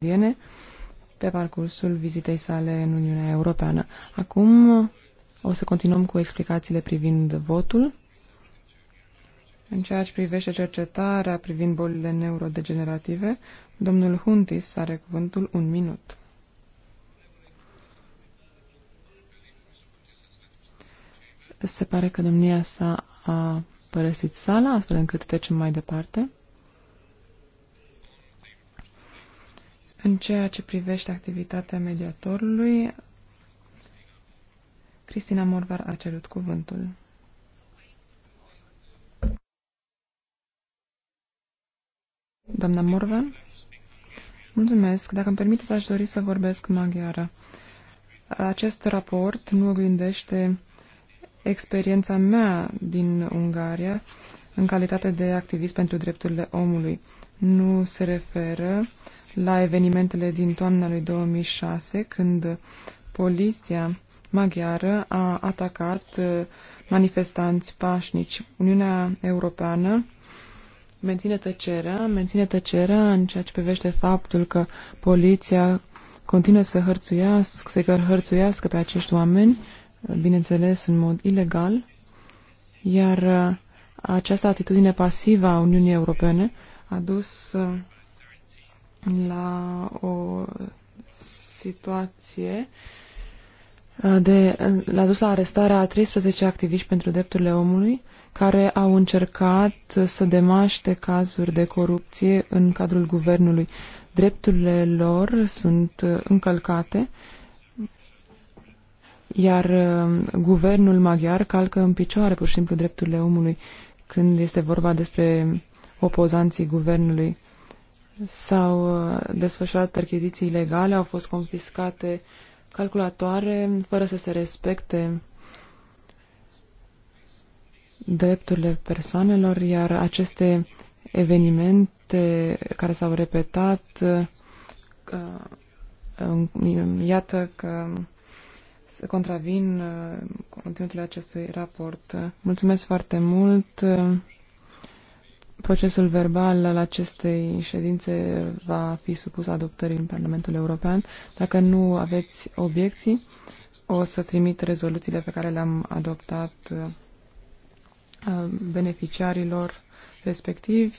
canadiene pe parcursul vizitei sale în Uniunea Europeană. Acum o să continuăm cu explicațiile privind votul. În ceea ce privește cercetarea privind bolile neurodegenerative, domnul Huntis are cuvântul un minut. Se pare că domnia sa a părăsit sala, astfel încât trecem mai departe. În ceea ce privește activitatea mediatorului, Cristina Morvar a cerut cuvântul. Doamna Morvan? Mulțumesc. Dacă îmi permiteți, aș dori să vorbesc maghiară. Acest raport nu oglindește experiența mea din Ungaria în calitate de activist pentru drepturile omului. Nu se referă la evenimentele din toamna lui 2006, când poliția maghiară a atacat uh, manifestanți pașnici. Uniunea Europeană menține tăcerea, menține tăcerea în ceea ce privește faptul că poliția continuă să hărțuiască, să hărțuiască pe acești oameni, bineînțeles în mod ilegal, iar uh, această atitudine pasivă a Uniunii Europene a dus uh, la o situație uh, de, l-a dus la arestarea a 13 activiști pentru drepturile omului care au încercat să demaște cazuri de corupție în cadrul guvernului. Drepturile lor sunt uh, încălcate, iar uh, guvernul maghiar calcă în picioare pur și simplu drepturile omului când este vorba despre opozanții guvernului s-au uh, desfășurat percheziții ilegale, au fost confiscate calculatoare fără să se respecte drepturile persoanelor, iar aceste evenimente care s-au repetat, uh, uh, iată că se contravin conținutul acestui raport. Mulțumesc foarte mult! Procesul verbal al acestei ședințe va fi supus adoptării în Parlamentul European. Dacă nu aveți obiecții, o să trimit rezoluțiile pe care le-am adoptat uh, beneficiarilor respectivi